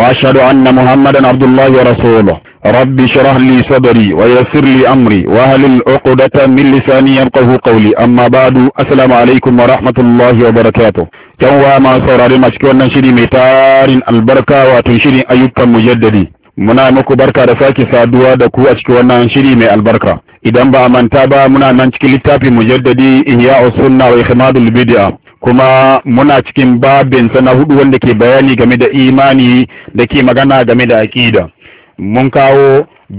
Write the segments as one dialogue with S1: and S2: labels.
S1: واشهد ان محمدا عبد الله ورسوله رب اشرح لي صدري ويسر لي امري واهل العقدة من لساني يفقه قولي اما بعد السلام عليكم ورحمة الله وبركاته كان ما سوراري ما شكي wannan shiri mai tarin albarka wa tun shiri ayyukan mujaddadi muna muku barka da sake saduwa da ku a cikin wannan shiri mai albarka idan ba manta ba muna nan cikin littafin mujaddadi ihya'us suna wa ikhmadul bid'ah kuma muna cikin babinsa na hudu wanda ke bayani game da imani da ke magana game da aƙida mun kawo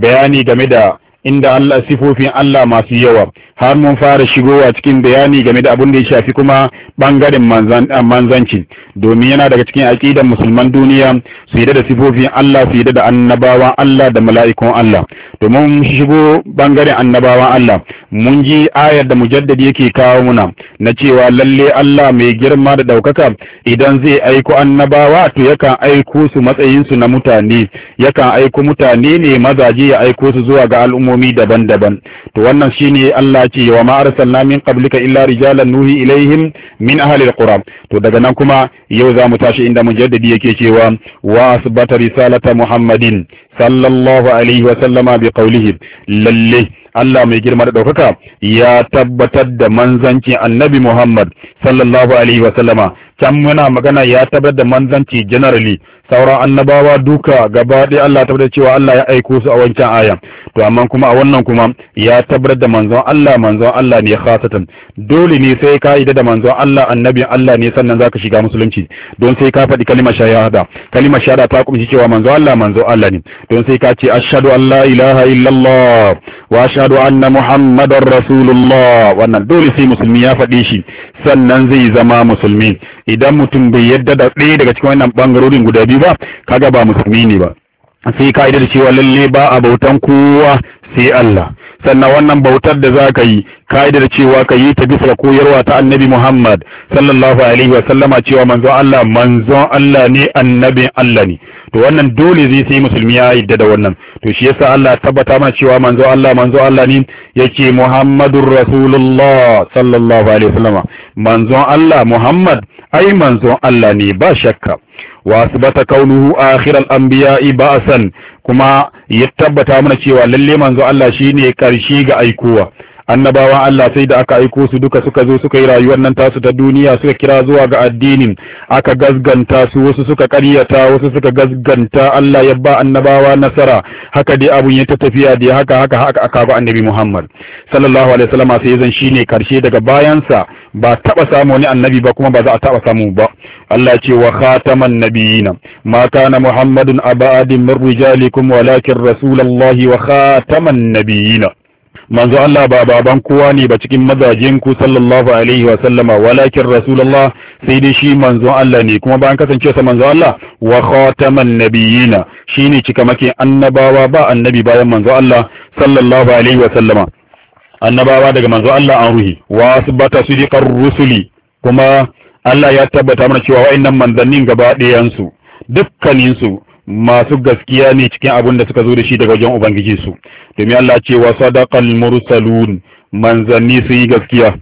S1: bayani game da inda Allah sifofin Allah masu yawa har mun fara shigowa cikin bayani game da abin da ya shafi kuma bangaren ah, manzanci domin yana daga cikin aƙidan musulman duniya su yi da sifofin Allah su yi da annabawan Allah da mala'ikun Allah domin mun shigo bangaren annabawan Allah mun ji ayar da mujaddadi yake kawo muna na cewa lalle Allah mai girma da ɗaukaka idan zai aiko annabawa to yakan aiko su matsayin su na mutane yakan aiko mutane ne mazaje ya aiko su zuwa ga al'ummomi daban-daban to wannan shine Allah Allah ce wa ma arsalna min qablika illa rijalan nuhi ilaihim min ahli alqura to daga nan kuma yau za mu tashi inda mujaddidi yake cewa wa asbata risalata muhammadin sallallahu alaihi wa sallama bi qawlihi lalle Allah mai girma da ɗaukaka ya tabbatar da manzanci annabi Muhammad sallallahu alaihi wa sallama can muna magana ya tabbatar da manzanci generally sauran annabawa duka gaba ɗaya Allah tabbatar cewa Allah ya aiko su a wancan aya to amma kuma a wannan kuma ya tabbatar da manzon Allah manzon Allah ne khasatan dole ne sai ka yi da manzon Allah annabi Allah ne sannan zaka shiga musulunci don sai ka faɗi kalimar shahada kalimar shahada ta kumshi cewa manzon Allah manzon Allah ne don sai ka ce ashadu an la ilaha illallah wa ashadu anna muhammadar rasulullah wannan dole sai musulmi ya faɗi shi sannan zai zama musulmi idan mutum bai yadda da ɗaya daga cikin wannan ɓangarorin guda biyu ba kaga ba musulmi ne ba sai ka'idar cewa lalle ba a bautan kowa sai Allah sannan wannan bautar da za ka yi ka'idar cewa ka yi ta bisa koyarwa ta annabi Muhammad sallallahu alaihi wa sallama cewa manzon Allah manzon Allah ne annabin Allah ne to wannan dole zai sai musulmi ya yadda da wannan to shi yasa Allah tabbata ma cewa manzon Allah manzon Allah ne yake Muhammadur Rasulullah sallallahu alaihi wa sallama manzon Allah Muhammad ai manzon Allah ne ba shakka wa asbata kaunuhu a an akhiral ba'a san kuma ya tabbata mana cewa lalle manzo Allah shine karshe ga aikowa annabawan Allah sai da aka aiko su duka suka zo suka yi rayuwar nan tasu ta duniya suka kira zuwa ga addinin aka gazganta su wasu suka karyata wasu suka gazganta Allah ya ba annabawa nasara haka dai abun ya ta tafiya da haka haka haka aka ba annabi Muhammad sallallahu alaihi wasallam sai zan shine karshe daga bayansa ba taba samu wani annabi ba kuma ba za a taba samu ba Allah ce wa khataman nabiyina ma kana Muhammadun abadin min rijalikum walakin rasulullahi wa khataman nabiyina manzo Allah ba baban kowa ne ba cikin mazajen ku sallallahu alaihi wa sallama walakin rasulullah sai dai shi manzo Allah ne kuma bayan kasance sa manzo Allah wa khataman nabiyina shine cikamakin annabawa ba annabi bayan manzo Allah sallallahu alaihi wa sallama annabawa daga manzo Allah an ruhi wa asbata sidiqar rusuli kuma Allah ya tabbata mana cewa wa'annan manzannin gaba ɗayan su dukkanin su masu gaskiya ne cikin abin da suka zo da shi daga wajen ubangiji su domin Allah ce wa sadaqal mursalun manzanni sun yi gaskiya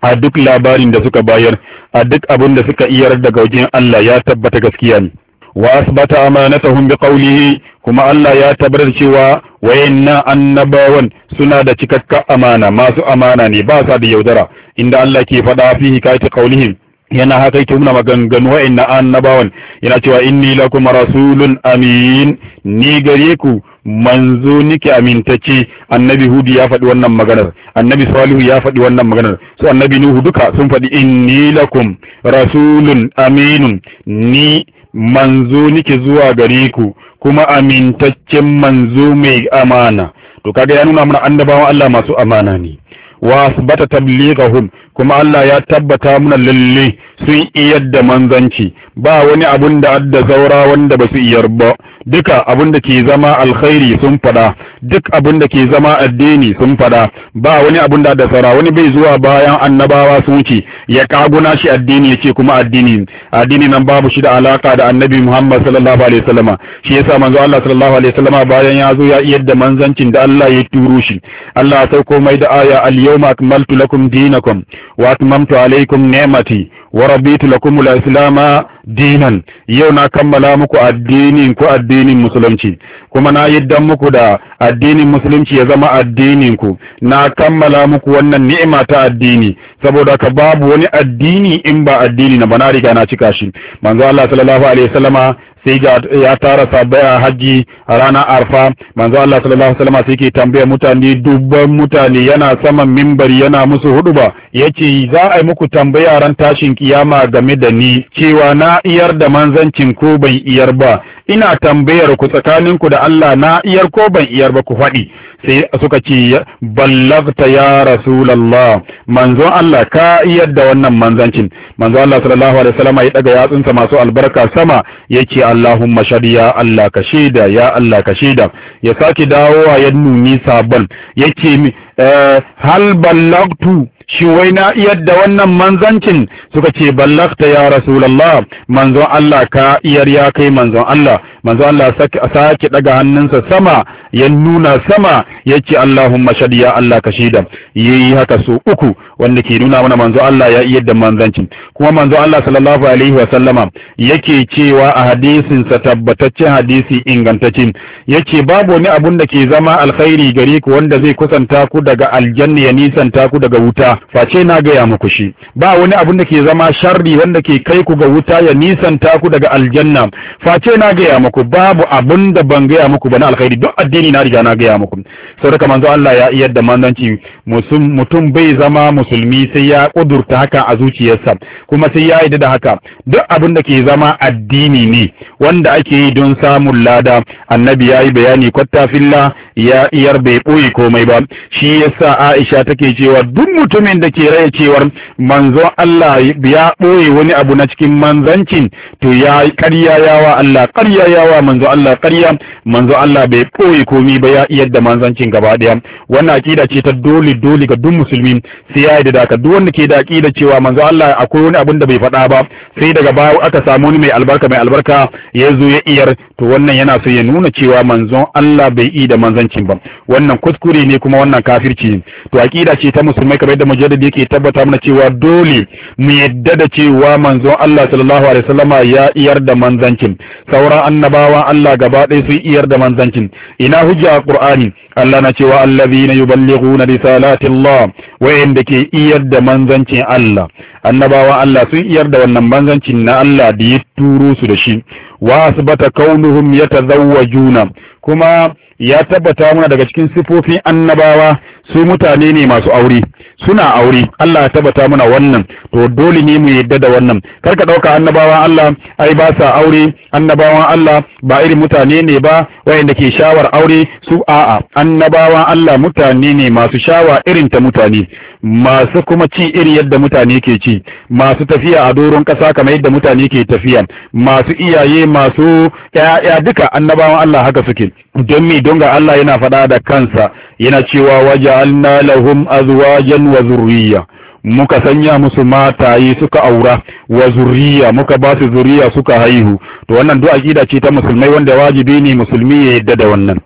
S1: a duk labarin da suka bayar a duk abin da suka iyar daga wajen Allah ya tabbata gaskiya ne wa asbata amanatahum biqawlihi kuma Allah ya tabbatar cewa wayanna annabawan suna da cikakka amana masu amana ne ba sa da yaudara inda Allah ke faɗa fi ta qawlihim yana haka yake muna maganganu wa'annan annabawan yana cewa inni lakum rasulun amin ni gare ku manzo nike amintacce annabi hudu ya faɗi wannan maganar annabi salihu ya faɗi wannan maganar su annabi nuhu duka sun faɗi inni lakum rasulun aminun ni manzo nike zuwa gare ku kuma amintaccen manzo mai amana to kaga ya nuna mana annabawan Allah masu amana ne wa asbata tablighahum kuma Allah ya tabbata mana lalle sun iyar da manzanci ba wani abun da adda zaura wanda ba basu iyar ba duka abin da ke zama alkhairi sun fada duk abin da ke zama addini sun fada ba wani abin da da sara wani bai zuwa bayan annabawa su wuce ya kaguna shi addini ya ce kuma addini addini nan babu shi da alaka da annabi Muhammad sallallahu alaihi wasallama shi yasa manzo Allah sallallahu alaihi wasallama bayan ya zo ya iya da manzancin da Allah ya turo shi Allah ya sauko mai da aya al-yawma akmaltu lakum dinakum wa atmamtu alaikum ni'mati wa raditu lakum al-islamu dinan yau na kammala muku addinin ku addini addinin musulunci kuma na dan muku da addinin musulunci ya zama addinin ku na kammala muku wannan ni'ima ta addini saboda ka babu wani addini in ba addini na bana riga na cika shi manzo Allah sallallahu alaihi wasallama sai ga ya tara sabai a haji a ranar arfa manzo Allah sallallahu alaihi wasallama sai ke tambaya mutane dubban mutane yana saman mimbari yana musu hudu ba yace za a yi muku tambaya ran tashin kiyama game da ni cewa na iyar da manzancin ko bai iyar ba ina tambayar ku tsakaninku da Allah na iyar ko ban iyar ba ku faɗi sai suka ce ballagta ya rasulallah manzon Allah ka iyar da wannan manzancin manzon Allah sallallahu alaihi wasallam ya daga yatsunsa masu albarka sama yake Allahumma shadi ya Allah ka shaida ya Allah ka shaida ya sake dawowa ya nuni sabon yake eh, hal ballagtu shi wai na yadda wannan manzancin suka ce ballakta ya rasulallah manzon Allah ka iyar ya kai manzon Allah manzon Allah sake daga hannunsa sama ya nuna sama ya ce Allahumma shadi ya Allah ka shida yi haka so uku wanda ke nuna mana manzon Allah ya iyar da manzancin kuma manzon Allah sallallahu alaihi wa yake cewa a hadisinsa sa tabbataccen hadisi ingantaccen yace babu wani abun da ke zama alkhairi gare ku wanda zai kusanta ku daga aljanna ya nisanta ku daga wuta face na gaya muku shi ba wani abin da ke zama sharri wanda ke kai ku ga wuta ya nisanta ku daga aljanna face na gaya muku babu abin da ban gaya muku ba na alkhairi duk addini na riga na gaya muku Sai da manzo Allah ya iyar da manzanci mutum bai zama musulmi sai ya kudurta haka a zuciyarsa kuma sai ya yi da haka duk abin da ke zama addini ne wanda ake yi don samun lada annabi ya yi bayani kwatta filla ya iyar bai ɓoye komai ba shi yasa Aisha take cewa duk mutum mutumin da ke raya cewar manzon Allah ya ɓoye wani abu na cikin manzancin to ya karya yawa Allah karya yawa manzon Allah karya manzon Allah bai ɓoye komi ba ya iya da manzancin gaba ɗaya wannan aƙida ce ta dole dole ga duk musulmi sai ya yi da duk wanda ke da aƙida cewa manzon Allah akwai wani abun da bai faɗa ba sai daga baya aka samu wani mai albarka mai albarka ya zo ya iyar to wannan yana so ya nuna cewa manzon Allah bai yi da manzancin ba wannan kuskure ne kuma wannan kafirci ne to aƙida ce ta musulmai kamar yadda mujaddid yake tabbata mana cewa dole mu yadda da cewa manzon Allah sallallahu alaihi wasallama ya iyar da manzancin sauran annabawa Allah gaba ɗaya sun iyar da manzancin ina hujja a Qur'ani Allah na cewa allazina yuballighuna risalati Allah wa'inda ke iyar da manzancin Allah annabawa Allah sun iyar da wannan manzancin na Allah da ya turo su da shi wa asbata kaunuhum yatazawwajuna kuma ya tabbata mana daga cikin sifofin annabawa su mutane ne masu aure suna aure Allah ya tabbata muna wannan to dole ne mu yadda da wannan kar ka dauka annabawan Allah ai ba sa aure annabawan Allah ba irin mutane ne ba wayanda ke shawar aure su a'a annabawan Allah mutane ne masu shawa irin ta mutane masu kuma ci iri yadda mutane ke ci masu tafiya a doron ƙasa kamar yadda mutane ke tafiya masu iyaye masu ƴaƴa duka annabawan Allah haka suke don mi don ga Allah yana faɗa da kansa yana cewa waja'alna lahum azwajan wa zurriya muka sanya musu mataye suka aura wa zuriya muka ba su zuriya suka haihu to wannan duk aqida ce ta musulmai wanda wajibi ne musulmi ya yadda da wannan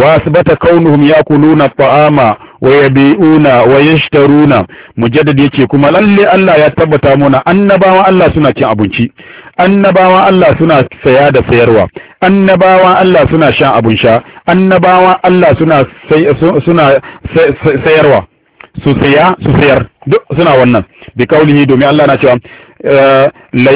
S1: واثبت كونهم ياكلون الطعام wayabi'una wa yashtaruna mujaddad yace kuma lallai Allah ya tabbata muna annabawa Allah suna cin abinci annabawa Allah suna saya da sayarwa annabawa Allah suna shan abun sha annabawa Allah suna sayarwa su saya duk suna wannan bi domin Allah na cewa la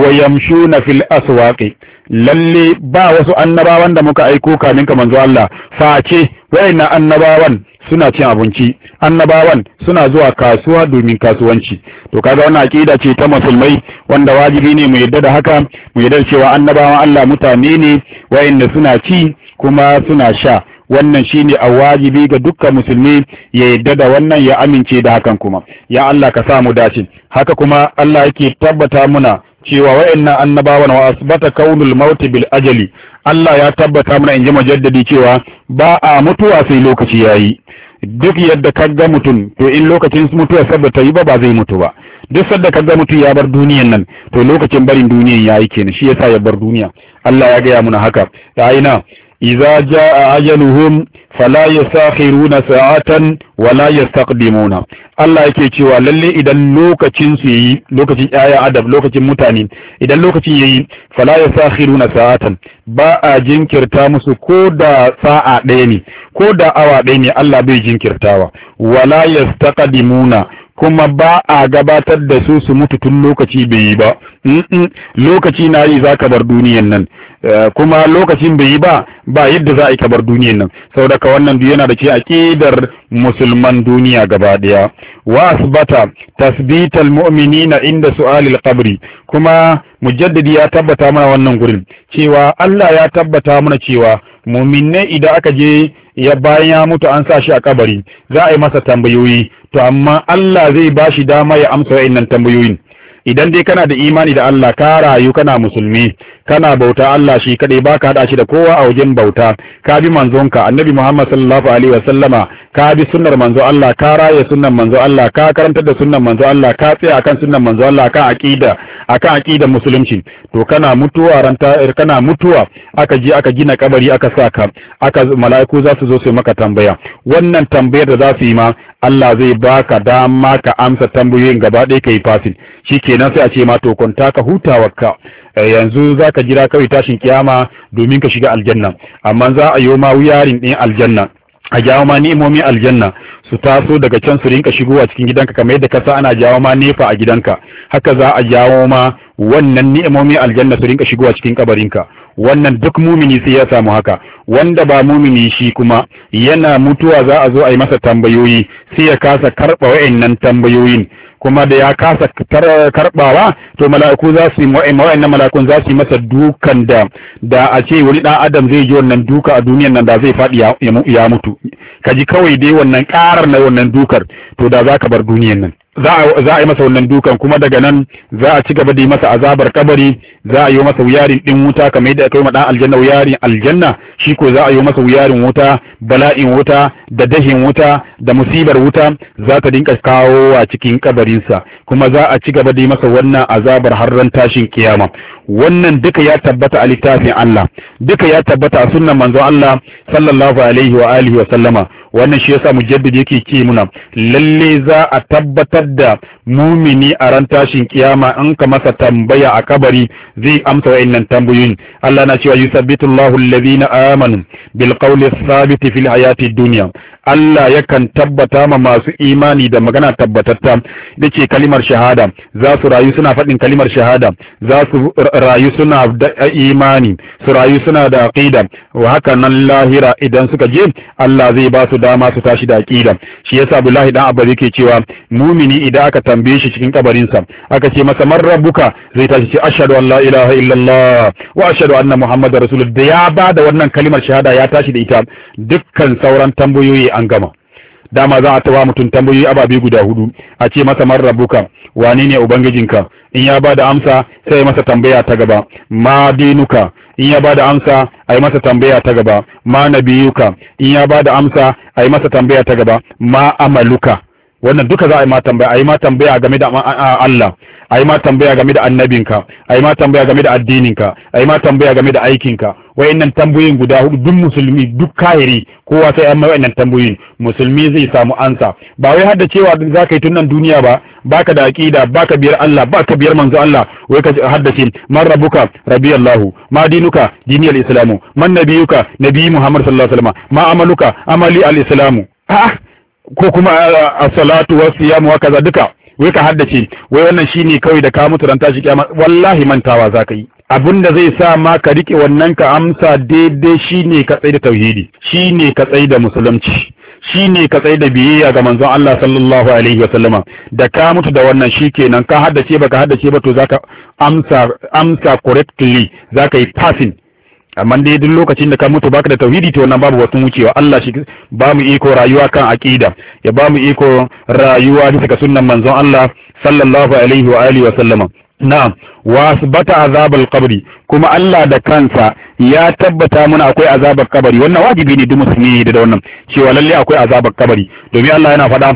S1: yakuluna fil aswaƙi. lalle ba wasu annabawan da muka aiko kamin ka manzo Allah face na annabawan suna cin abinci annabawan suna zuwa kasuwa domin kasuwanci to kaga wannan aqida ce ta musulmai wanda wajibi ne mu yadda da haka mu yadda cewa annabawan Allah mutane ne wayanda suna ci kuma suna sha wannan shine a wajibi ga dukkan musulmi ya yadda da wannan ya amince da hakan kuma ya Allah ka sa mu dace haka kuma Allah yake tabbata muna cewa wa'annan annabawan wa asbata kaunul maut bil ajali Allah ya tabbata mana inji majaddadi cewa ba a mutuwa sai lokaci yayi duk yadda kaga mutum to in lokacin mutuwa sabba ta yi ba ba zai mutu ba duk sadda kaga mutum ya bar duniyan nan to lokacin barin duniyan yayi kenan shi yasa ya bar duniya Allah ya gaya muna haka da aina idza jaa ajaluhum fala yasakhiruna sa'atan wala yastaqdimuna Allah yake cewa lallai idan lokacin su yayi lokacin aya adab lokacin mutane idan lokacin yayi fala yasakhiruna sa'atan ba a jinkirta musu ko da sa'a ɗaya ne ko da awa ɗaya ne Allah bai jinkirtawa wala yastaqdimuna kuma ba a gabatar da su su mutu tun lokaci bai yi ba mm, mm, lokaci na yi za ka bar duniyan nan eh, kuma lokacin bai yi ba ba yadda za a yi ka bar duniyan nan saboda ka wannan duk yana da ce aqidar musulman duniya gaba daya wa asbata tasbital mu'minina inda su Alil qabri kuma mujaddadi ya tabbata mana wannan gurin cewa Allah ya tabbata mana cewa muminne idan aka je ya bayan ya mutu an sa shi a kabari za a yi masa tambayoyi to amma Allah zai ba shi dama ya amsa wa'annan tambayoyin idan dai kana da imani da Allah ka rayu kana musulmi kana bauta Allah shi kade baka hada shi da kowa a wajen bauta ka bi manzonka annabi Muhammad sallallahu alaihi wa sallama ka bi sunnar manzo Allah ka raye sunnar manzo Allah ka karantar da sunnar manzo Allah ka tsaya akan sunnar manzo Allah akan aqida akan aqida musulunci to kana mutuwa ranta eh, kana mutuwa aka je aka gina kabari aka saka aka mala'iku za su zo su maka tambaya wannan tambayar da za su yi ma Allah zai baka dama ka amsa tambayoyin gaba ɗaya kai fasin shi nan sai a ce ma to kwanta ka hutawarka eh, yanzu za ka jira kawai tashin kiyama domin ka shiga aljanna amma za a yi ma wuyarin ɗin aljanna a jawo ma ni'imomin aljanna su taso daga can su rinka shigowa cikin gidanka kamar yadda kasa ana jawo ma nefa a gidanka haka za a jawo ma wannan ni'imomin aljanna su rinka shigowa cikin kabarinka wannan duk mumini sai ya samu haka wanda ba mumini shi kuma yana mutuwa za a zo a yi masa tambayoyi sai ya kasa karɓa wa'annan tambayoyin kuma da ya kasa karɓawa, to mala'iku za su yi na mala'ikun za su yi masa dukan da da a ce wani dan adam zai ji wannan duka a duniyan nan da zai faɗi ya mutu ka ji kawai dai wannan ƙarar na wannan dukar to da za ka bar duniyar nan za a yi masa wannan dukan kuma daga nan za a ci gaba da yi masa azabar kabari za a yi masa wuyarin din wuta kamar yadda aka yi madan aljanna wuyarin aljanna shi ko za a yi masa wuyarin wuta bala'in wuta da dahin wuta da musibar wuta za ta dinka kawo a cikin kabarinsa kuma za a ci gaba da yi masa wannan azabar har ran tashin kiyama wannan duka ya tabbata a littafin Allah duka ya tabbata a sunnan manzon Allah sallallahu alaihi wa alihi wa sallama wannan shi yasa jaddada yake ce muna lalle za a tabbatar da mumini a ran tashin kiyama in ka masa tambaya a kabari zai amsa wa'annan tambayoyin Allah na cewa yusabbitullahu alladhina amanu bil qawli thabit fil hayati dunya Allah yakan tabbata ma masu imani da magana tabbatatta da ce kalimar shahada za su rayu suna faɗin kalimar shahada za su rayu suna da imani su rayu suna da aqida wa haka nan lahira idan suka je Allah zai ba su dama su tashi da aƙida. shi yasa Abdullahi dan Abba yake cewa mumini idan aka tambaye shi cikin kabarinsa aka ce masa man rabbuka zai tashi ce ashhadu an la ilaha illallah wa ashhadu anna muhammadar rasulullah da ya ba da wannan kalimar shahada ya tashi da ita dukkan sauran tambayoyi an gama dama za a taba mutum tambayoyi ababe guda hudu a ce masa man rabuka wane ne ubangijinka in ya bada amsa sai masa tambaya ta gaba ma dinuka in ya bada amsa a yi masa tambaya ta gaba ma nabiyuka in ya bada amsa a yi masa tambaya ta gaba ma amaluka wannan duka za a yi ma tambaya a yi ma tambaya game da Allah ai ma tambaya game da annabinka ai ma tambaya game da addininka ai ma tambaya game da aikinka wayannan tambayoyin guda hudu duk musulmi duk kahiri kowa sai amma wayannan tambayoyin musulmi zai samu ansa ba wai hadda cewa za ka yi tunan duniya ba baka da aqida baka biyar Allah baka biyar manzo Allah wai ka haddace man rabbuka rabbi Allah ma dinuka diniyal islamu man nabiyuka nabi Muhammad sallallahu alaihi wasallam ma amaluka amali al islamu ko kuma as-salatu was siyamu wa kaza duka wai ka haddace wai wannan shine kawai da ka mutu ran tashi kiyama wallahi mantawa za ka yi da zai sa ma ka rike wannan ka amsa daidai shine ka tsaye da tauhidi shine ka tsaye da musulunci shi ne ka tsaye da biyayya ga manzon Allah sallallahu alaihi sallama da ka mutu da wannan shi kenan ka haddace ba ka haddace ba to zaka amsa amsa correctly zaka yi passing amma dai duk lokacin da ka mutu baka da tauhidi to wannan babu wasu wucewa Allah shi ba mu iko rayuwa kan aqida ya ba mu iko rayuwa bisa ga sunnan manzon Allah sallallahu alaihi wa alihi wa sallama na'am wa asbata azabal qabri kuma Allah da kansa ya tabbata mana akwai azabar kabari wannan wajibi ne duk musulmi da wannan cewa lalle akwai azabar kabari domin Allah yana faɗa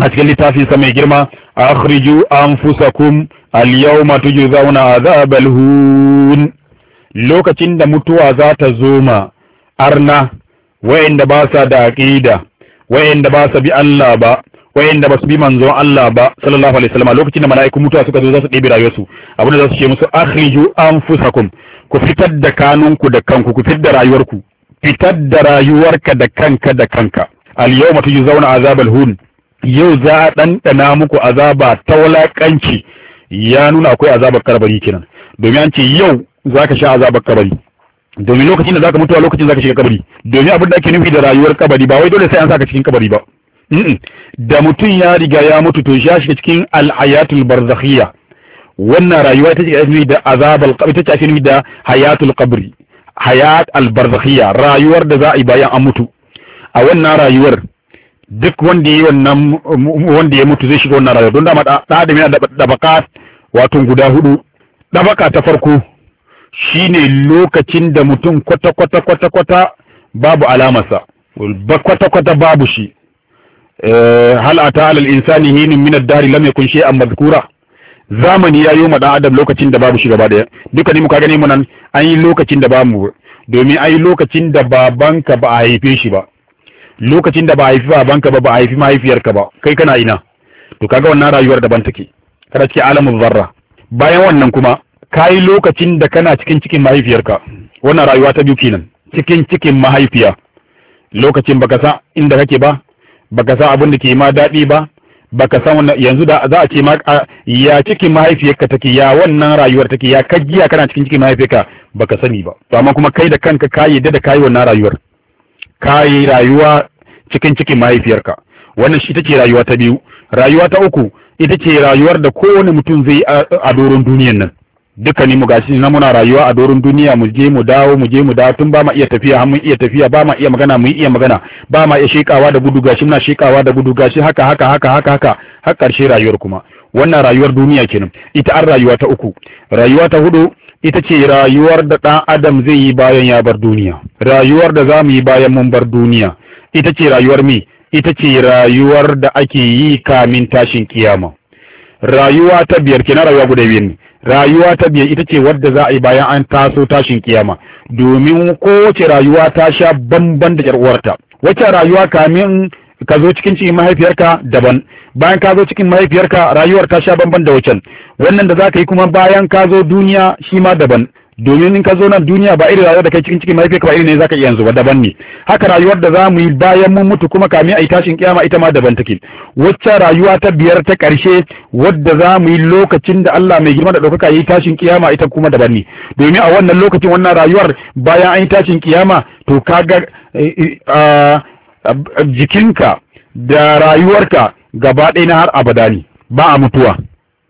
S1: a cikin littafin sa mai girma akhriju anfusakum al-yawma tujzauna azabal hun lokacin da mutuwa za ta zo ma arna wayanda ba sa da aqida wayanda ba sa bi Allah ba wayanda ba su bi manzon Allah ba sallallahu alaihi wasallam lokacin da mala'iku mutuwa suka zo za su ɗebe rayuwarsu abin da za su ce musu akhriju anfusakum ku fitar da kanunku da kanku ku fitar da rayuwarku fitar da rayuwarka da kanka da kanka al yawma tujzauna azabal hun yau za a ɗanɗana muku azaba ta wulaƙanci ya nuna akwai azabar karbari kenan domin an ce yau zaka sha azabar kabari domin lokacin da zaka a lokacin zaka shiga kabari domin abin da ake nufi da rayuwar kabari ba wai dole sai an saka cikin kabari ba da mutum ya riga ya mutu to ya shiga cikin al'ayatul barzakhiyya wannan rayuwa ita ce ake nufi da azabal ita ce ake nufi da hayatul qabri hayat al barzakhiyya rayuwar da za a yi bayan an mutu a wannan rayuwar duk wanda ya wannan wanda ya mutu zai shiga wannan rayuwar don da ma da da baka wato guda hudu dabaka ta farko shine lokacin da mutum kwata-kwata kwata-kwata babu alamarsa kwata-kwata babu shi eh, hal ata alal insani hinun min ad-dari lam yakun a mazkura, zamani ya yi dan adam lokacin da babu shi gaba daya duka ne muka gani mu nan an yi lokacin da bamu domin an yi lokacin da babanka ba a haife shi ba lokacin da ba a haifi babanka ba ba a haifi mahaifiyarka ba kai kana ina to kaga wannan rayuwar daban take kada ce alamun zarra bayan wannan kuma kayi lokacin da kana cikin cikin mahaifiyarka wannan rayuwa ta biyu kenan cikin cikin mahaifiya lokacin baka san inda kake ba baka san abin da ke ma daɗi ba baka san wannan yanzu da za a ce ma ya cikin mahaifiyarka take ya wannan rayuwar take ya kajiya kana cikin cikin mahaifiyarka baka sani ba to amma kuma kai da kanka ka yadda da kai wannan rayuwar kai rayuwa cikin cikin mahaifiyarka wannan shi take rayuwa ta biyu rayuwa ta uku ita ce rayuwar da kowane mutum zai a doron duniyar nan ni mu gashi na muna rayuwa a doron duniya mu je mu dawo mu je mu dawo tun ba ma iya tafiya har mun iya tafiya ba ma iya magana mun iya magana ba ma iya shekawa da gudu gashi muna shekawa da gudu gashi haka haka haka haka haka har karshe rayuwar kuma wannan rayuwar duniya kenan ita an rayuwa ta uku rayuwa ta hudu ita ce rayuwar da dan adam zai yi bayan ya bar duniya rayuwar da za yi bayan mun bar duniya ita ce rayuwar mi. ita ce rayuwar da ake yi kamin tashin kiyama rayuwa ta biyar kenan rayuwa guda biyar ne rayuwa ta biyar ita ce wadda za a yi bayan an taso tashin kiyama domin kowace rayuwa ta sha bamban da ƙyar'uwarta. wacce rayuwa kamin ka zo cikin cikin mahaifiyarka daban bayan ka zo cikin mahaifiyarka rayuwar ta sha bamban da wacan wannan da za ka yi kuma bayan ka zo duniya shi ma daban domin in ka zo nan duniya ba irin rayuwar da kai cikin cikin mahaifiyarka ba irin ne zaka iya yanzu ba daban ne haka rayuwar da zamu yi bayan mun mutu kuma kamin a yi tashin kiyama ita ma daban take wacce rayuwa ta biyar ta karshe wadda zamu yi lokacin da Allah mai girma da ɗaukaka yayi tashin kiyama ita kuma daban ne domin a wannan lokacin wannan rayuwar bayan an yi tashin kiyama to kaga eh, eh, ah, jikinka da rayuwarka gaba ɗaya na har abada ne ba a mutuwa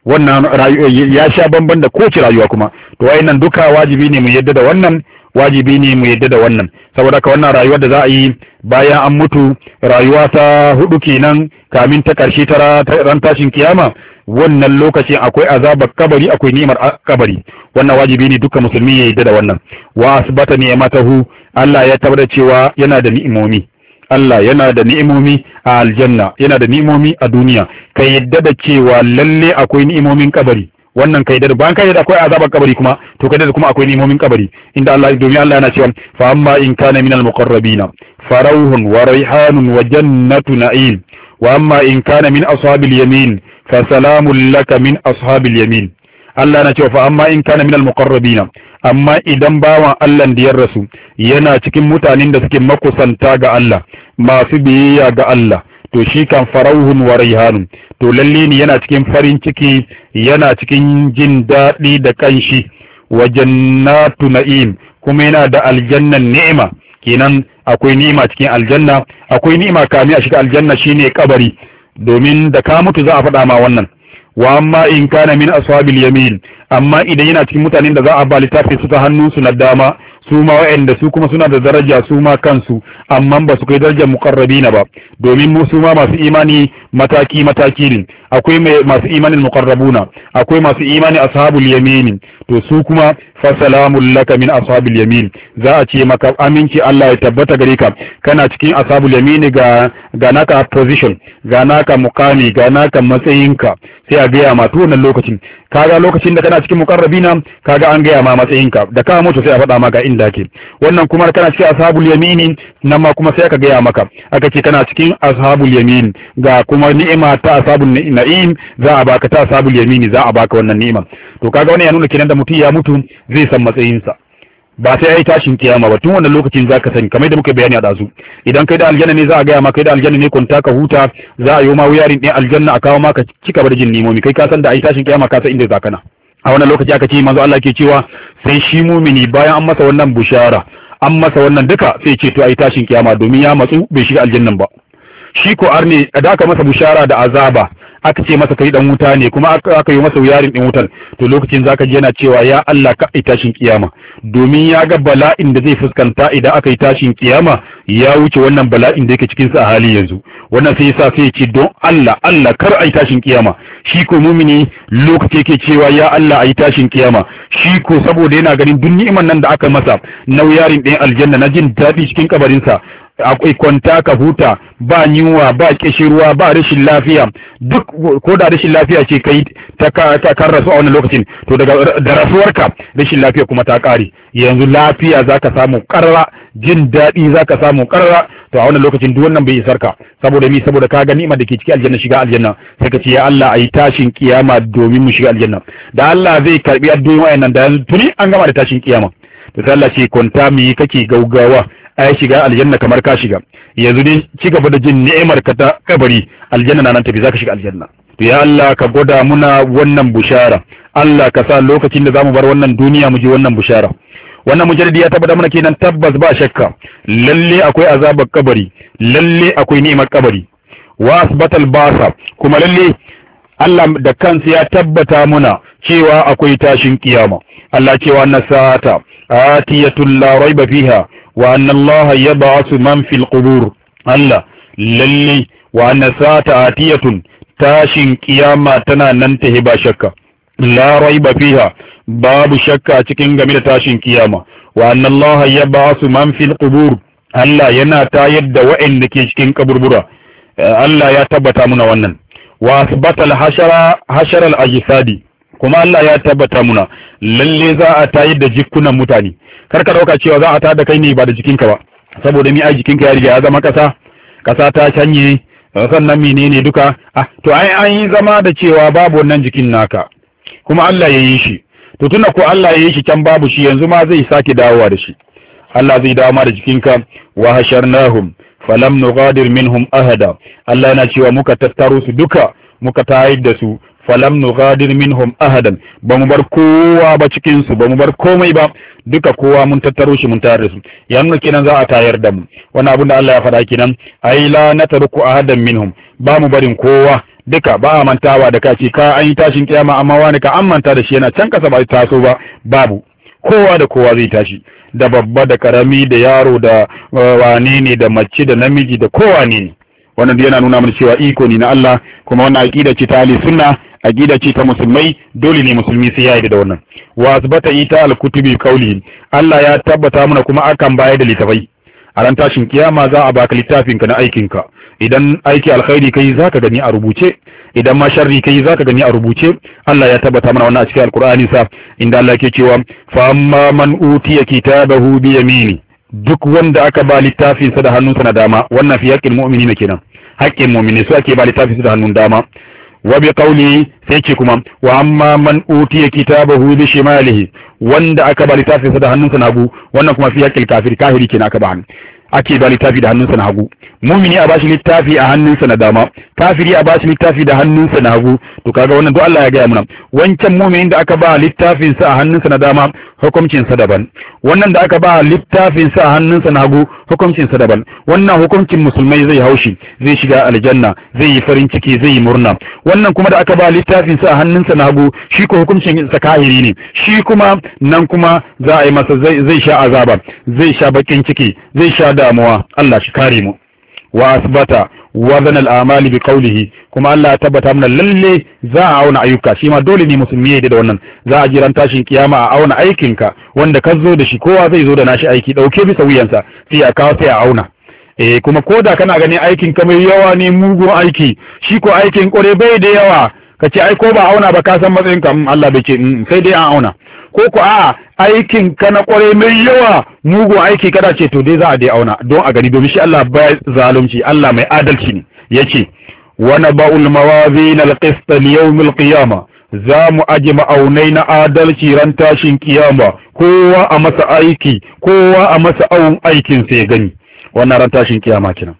S1: wannan eh, ya sha bamban da kowace rayuwa kuma to wayannan duka wajibi ne mu yadda da wannan wajibi ne mu yadda da wannan saboda ka wannan rayuwar da za a yi bayan an mutu rayuwa ta hudu kenan kamin ta karshe ta ran tashin kiyama wannan lokaci akwai azabar kabari akwai ni'imar kabari wannan wajibi ne duka musulmi ya yadda da wannan wa asbata ni'matahu Allah ya tabbata cewa yana da ni'imomi Allah yana da ni'imomi a aljanna yana da ni'imomi a duniya ka yadda da cewa lalle akwai ni'imomin kabari wannan kai da bayan kai da akwai azabar kabari kuma to kai da kuma akwai ni'imomin kabari inda Allah domin Allah yana cewa fa amma in kana minal muqarrabina farauhun wa raihanun wa jannatu na'im wa amma in kana min ashabil yamin fa salamun laka min ashabil yamin Allah na cewa fa amma in kana minal muqarrabina amma idan bawan Allah da ya rasu yana cikin mutanen da suke makusanta ga Allah masu biyayya ga Allah to shi kan farauhun wa raihanun to lalle ne yana cikin farin ciki yana cikin jin daɗi da kanshi wa jannatu na'im kuma yana da aljannan ni'ima kenan akwai ni'ima cikin aljanna akwai ni'ima kami a shiga aljanna shine kabari domin da ka mutu za a faɗa ma wannan wa amma in kana min ashabil yamin amma idan yana cikin mutanen da za a ba littafi su ta hannunsu na dama su ma wa'anda su kuma suna da daraja su ma kansu amma ba su kai darajar muqarrabina ba domin mu su ma masu imani mataki mataki ne akwai masu imanin muqarrabuna akwai masu imani ashabul yamin to su kuma fa salamun laka min ashabil yamin za a ce maka aminci Allah ya tabbata gare ka kana cikin ashabul yamin ga ga naka position ga naka mukami ga naka matsayinka sai a gaya ma to wannan lokacin kaga lokacin da kana cikin muqarrabina kaga an gaya ma matsayinka da ka mutu sai a faɗa maka inda ke wannan kuma kana cikin ashabul yamin nan ma kuma sai aka gaya maka aka ce kana cikin ashabul yamin ga kuma ni'ima ta ashabul na'im za a baka ta ashabul yamin za a baka wannan ni'ima to kaga wani ya nuna kenan da mutum ya mutu zai san matsayinsa ba sai ai tashin kiyama ba tun wannan lokacin zaka sani kamar da muka bayani a dazu idan kai da aljanna ne za a gaya ma kai da aljanna ne kun ka huta za a yi ma wuyarin ɗin aljanna a kawo maka cika da jin nimomi kai ka san da ai tashin kiyama ka san inda ka na a wannan lokaci aka ce manzo Allah ke cewa sai shi mumini bayan an masa wannan bushara an masa wannan duka sai ce to ai tashin kiyama domin ya matsu bai shiga aljannan ba shi ko arne da aka masa bushara da azaba aka ce masa kai dan wuta ne kuma aka yi masa wuyarin din wutan to lokacin zaka ji yana cewa ya Allah ka ai tashin kiyama domin ya ga bala'in da zai fuskanta idan aka yi tashin kiyama ya wuce wannan bala'in da yake cikin sa a hali yanzu wannan sai yasa sai ya ce don Allah Allah kar ai tashin kiyama shi ko mumini lokacin yake cewa ya Allah ai tashin kiyama shi ko saboda yana ganin duk ni'imar nan da aka masa na wuyarin din aljanna na jin daɗi cikin kabarinsa akwai kwanta ka huta ba yunwa ba kishirwa ba rashin lafiya duk ko da rashin lafiya ce kai ta kan rasu a wani lokacin to daga da rasuwarka rashin lafiya kuma ta kare yanzu lafiya zaka samu karra jin daɗi zaka samu karra to a wannan lokacin duk wannan bai isar ka saboda mi saboda ka ga ni'ima da ke cikin aljanna shiga aljanna sai ka ce ya Allah ayi tashin kiyama domin mu shiga aljanna da Allah zai karbi addu'o'i wayannan da yanzu tuni an gama da tashin kiyama to sai Allah ce kwanta mi kake gaugawa ai shiga aljanna kamar ka shiga yanzu ne ci gaba da jin ni'imar ka ta kabari aljanna na nan tafi zaka shiga aljanna to ya Allah ka gwada muna wannan bushara Allah ka sa lokacin da zamu bar wannan duniya mu ji wannan bushara wannan mujaddidi ya tabbata mana kenan tabbas ba shakka lalle akwai azabar kabari lalle akwai ni'imar kabari wa asbatal basa kuma lalle Allah da kansa ya tabbata muna cewa akwai tashin kiyama Allah cewa nasata atiyatul la raiba fiha wa anna allaha yab'athu man fil qubur Allah lalle wa anna sa'ata atiyatun tashin ƙiyama tana nan ta ba shakka la raiba fiha babu shakka cikin game da tashin kiyama wa anna allaha yab'athu man fil qubur Allah yana tayar da wa'anda ke cikin kaburbura Allah ya tabbata muna wannan wa asbata al-hashara hashara hashara kuma Allah ya tabbata muna lallai za a tayar da jikunan mutane kar ka dauka cewa za a tada kai ne ba da jikinka ba saboda mi ai jikinka ya riga ya zama kasa kasa ta canye eh, sannan menene duka ah to ai an yi zama da cewa babu wannan jikin naka kuma Allah ya yi shi to tuna ko Allah ya yi shi can babu shi yanzu ma zai sake dawowa da shi Allah zai dawo ma da jikinka wa hasharnahum falam nugadir minhum ahada Allah yana cewa muka tattaro su duka muka tayar da su falam nughadir minhum ahadan ba mu bar kowa ba cikin ba mu bar komai ba duka kowa mun tattaro shi mun tare su ya nuna kenan za a tayar da mu wani abin da Allah ya faɗa kenan ai la ku ahadan minhum ba mu barin kowa duka ba a mantawa da kaci ka an yi tashin kiyama amma wani ka an manta da shi yana can kasa ba taso ba babu kowa da kowa zai tashi da babba da karami da yaro da uh, wane ne da mace da namiji da kowa ne wannan yana nuna mana cewa iko ne na Allah kuma wannan aqida ce ta aqida ce ta musulmai dole ne musulmi sai ya yi da wannan wa bata ita al-kutubi qawli Allah ya tabbata mana kuma akan bayar da litafai a ran tashin kiyama za a baka littafinka na aikinka idan aiki alkhairi kai ka gani a rubuce idan ma sharri kai zaka gani a rubuce Allah ya tabbata mana wannan a cikin alqur'ani sa inda Allah yake cewa fa amma man utiya kitabahu bi yamini duk wanda aka ba littafinsa da hannunsa na dama wannan fi haƙƙin mu'minina kenan haƙƙin mu'mini su ake ba littafinsa da hannun dama wa bi sai ce kuma wa amma man utiya kitabahu bi shimalihi wanda aka ba littafin da hannunsa na hagu wannan kuma fi haqqil kafir kafiri kenan aka ba hannu ake ba littafi da hannunsa na hagu mumini a bashi littafi a hannunsa na dama kafiri a bashi littafi da hannunsa na hagu to kaga wannan duk Allah ya gaya muna wancan mu'minin da aka ba littafin sa a hannunsa na dama hukuncin sa daban wannan da aka ba littafin sa a hannunsa na hagu hukuncin sa daban wannan hukuncin musulmai zai haushi zai shiga aljanna zai yi farin ciki zai yi murna wannan kuma da aka ba littafin sa a hannunsa na hagu shi ko hukuncin sa kahiri ne shi kuma nan kuma za a yi masa zai sha azaba zai sha bakin ciki zai sha damuwa Allah shi kare mu wa asbata wazan al'amali bi qawlihi kuma Allah ya tabbata mana lalle za a auna ayyuka shi ma dole ne musulmi ya da wannan za a jiran tashin kiyama a auna aikinka wanda ka zo da shi kowa zai zo da nashi aiki dauke bisa wuyansa sai a kawo sai a auna eh kuma koda kana ganin aikin ka mai yawa ne mugun aiki shi ko aikin kore bai da yawa ka ai ko ba auna ba ka san matsayin ka mm, Allah bai ce mm, sai dai an auna ko ku a aikin ka na kwarai mai yawa mugu aiki kada ce to dai za a dai auna don a gani domin shi Allah ba zalunci Allah mai adalci ne yace wa naba'ul mawazin al-qist li yawm al qiyama za mu aje ma'aunai na adalci ran tashin kiyama kowa a masa aiki kowa a masa aun aikin sai gani wannan ran tashin kiyama kenan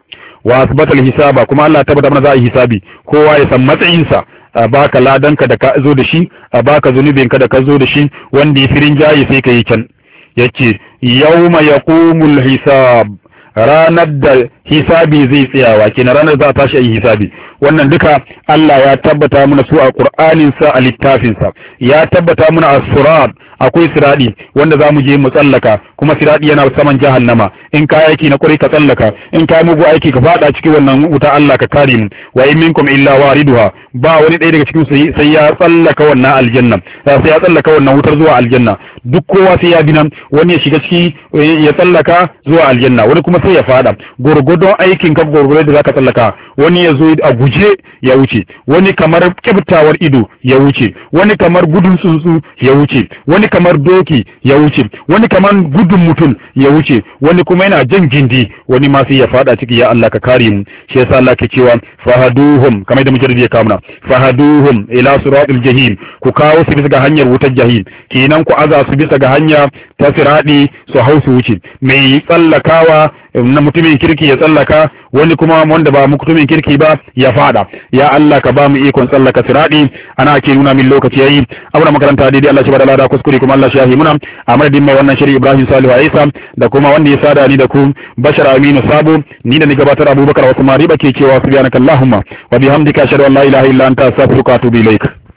S1: wa asbatal hisaba kuma Allah tabbata mana za a yi hisabi kowa ya san matsayinsa a baka ladanka da ka zo da shi a baka zunubinka da ka zo da shi wanda ya firin jayi sai ka yi can yace yawma yaqumul hisab ranar da hisabi zai tsayawa kenan ranar za a tashi a yi hisabi wannan duka Allah ya tabbata muna su a Qur'anin sa a littafin sa ya tabbata muna a sirat akwai siradi wanda za mu je mu tsallaka kuma siradi yana saman jahannama in ka aiki na kwarai ka tsallaka in ka mugu aiki ka fada cikin wannan wuta Allah ka kare mu wa in minkum illa wariduha ba wani ɗaya daga cikin sai ya tsallaka wannan aljanna eh, sai ya tsallaka wannan wutar zuwa aljanna duk kowa sai ya bi nan wani ya shiga ciki eh, ya tsallaka zuwa aljanna wani kuma sai ya fada gurgur don aikin ka gwargwadon da zaka tsallaka wani ya zo a guje ya wuce wani kamar kyaftawar ido ya wuce wani kamar gudun tsuntsu ya wuce wani kamar doki ya wuce wani kamar gudun mutum ya wuce wani kuma yana jan gindi wani ma sai ya fada ciki ya Allah ka kare mu shi yasa Allah ke cewa fahaduhum kamar da mujarrid ya kamuna fahaduhum ila siratil jahim ku kawo su bisa ga hanyar wutar jahim kenan ku aza su bisa ga hanya ta siradi su hau su wuce mai tsallakawa na mutumin kirki ya tsallaka wani kuma wanda ba mutumin kirki ba ya fada ya Allah ka ba mu ikon tsallaka siradi ana ake nuna min lokaci yayi abuna makaranta daidai Allah shi bada lada kuskure kuma Allah shi yahi muna a madadin mai wannan shiri Ibrahim Salihu Isa da kuma wanda ya sada ni da ku Bashar Aminu Sabu. ni da ni gabatar Abubakar Usman Riba ke cewa subhanakallahumma wa bihamdika ashhadu an la ilaha illa anta astaghfiruka wa atubu ilaik